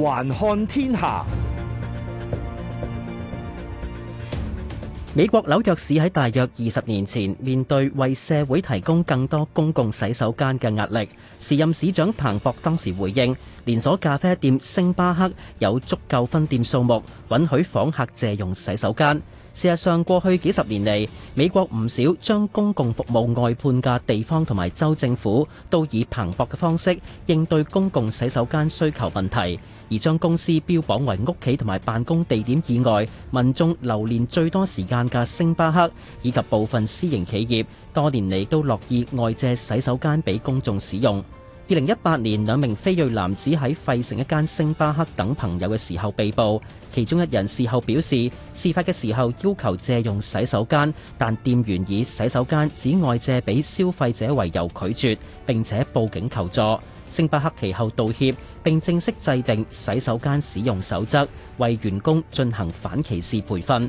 環看天下。美國紐約市喺大約二十年前面對為社會提供更多公共洗手間嘅壓力，時任市長彭博當時回應：連鎖咖啡店星巴克有足夠分店數目，允許訪客借用洗手間。事實上，過去幾十年嚟，美國唔少將公共服務外判嘅地方同埋州政府，都以彭博嘅方式應對公共洗手間需求問題。而將公司標榜為屋企同埋辦公地點以外，民眾留連最多時間嘅星巴克，以及部分私營企業，多年嚟都樂意外借洗手間俾公眾使用。二零一八年，兩名非裔男子喺費城一間星巴克等朋友嘅時候被捕，其中一人事後表示，事發嘅時候要求借用洗手間，但店員以洗手間只外借俾消費者為由拒絕，並且報警求助。星巴克其後道歉，並正式制定洗手間使用守則，為員工進行反歧視培訓。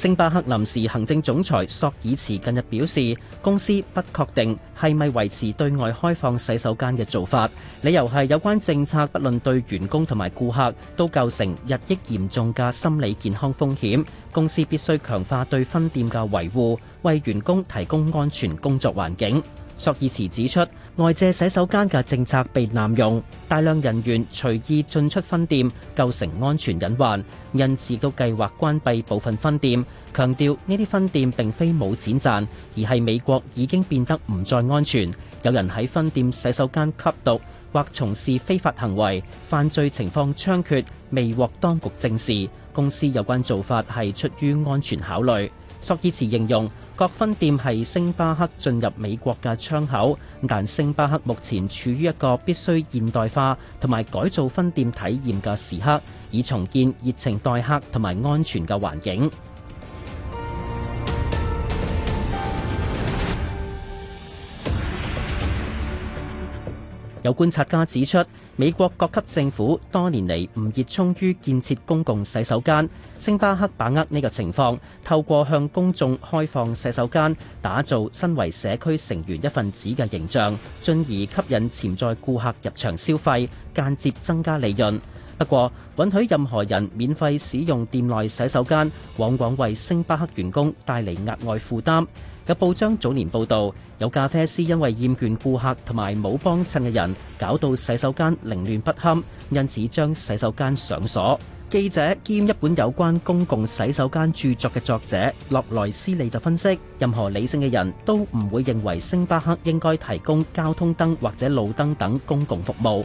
星巴克臨時行政總裁索爾茨近日表示，公司不確定係咪維持對外開放洗手間嘅做法，理由係有關政策不論對員工同埋顧客都構成日益嚴重嘅心理健康風險，公司必須強化對分店嘅維護，為員工提供安全工作環境。索爾茨指出，外借洗手間嘅政策被濫用，大量人員隨意進出分店，構成安全隱患。因此都計劃關閉部分分店，強調呢啲分店並非冇錢賺，而係美國已經變得唔再安全。有人喺分店洗手間吸毒，或從事非法行為，犯罪情況猖獗，未獲當局正視。公司有關做法係出於安全考慮。索爾茨形容各分店係星巴克進入美國嘅窗口，但星巴克目前處於一個必須現代化同埋改造分店體驗嘅時刻，以重建熱情待客同埋安全嘅環境。有觀察家指出，美國各級政府多年嚟唔熱衷於建設公共洗手間。星巴克把握呢個情況，透過向公眾開放洗手間，打造身為社區成員一份子嘅形象，進而吸引潛在顧客入場消費，間接增加利潤。不過，允許任何人免費使用店內洗手間，往往為星巴克員工帶嚟額外負擔。有報章早年報道，有咖啡師因為厭倦顧客同埋冇幫襯嘅人，搞到洗手間凌亂不堪，因此將洗手間上鎖。記者兼一本有關公共洗手間著作嘅作者洛萊斯利就分析，任何理性嘅人都唔會認為星巴克應該提供交通燈或者路燈等公共服務。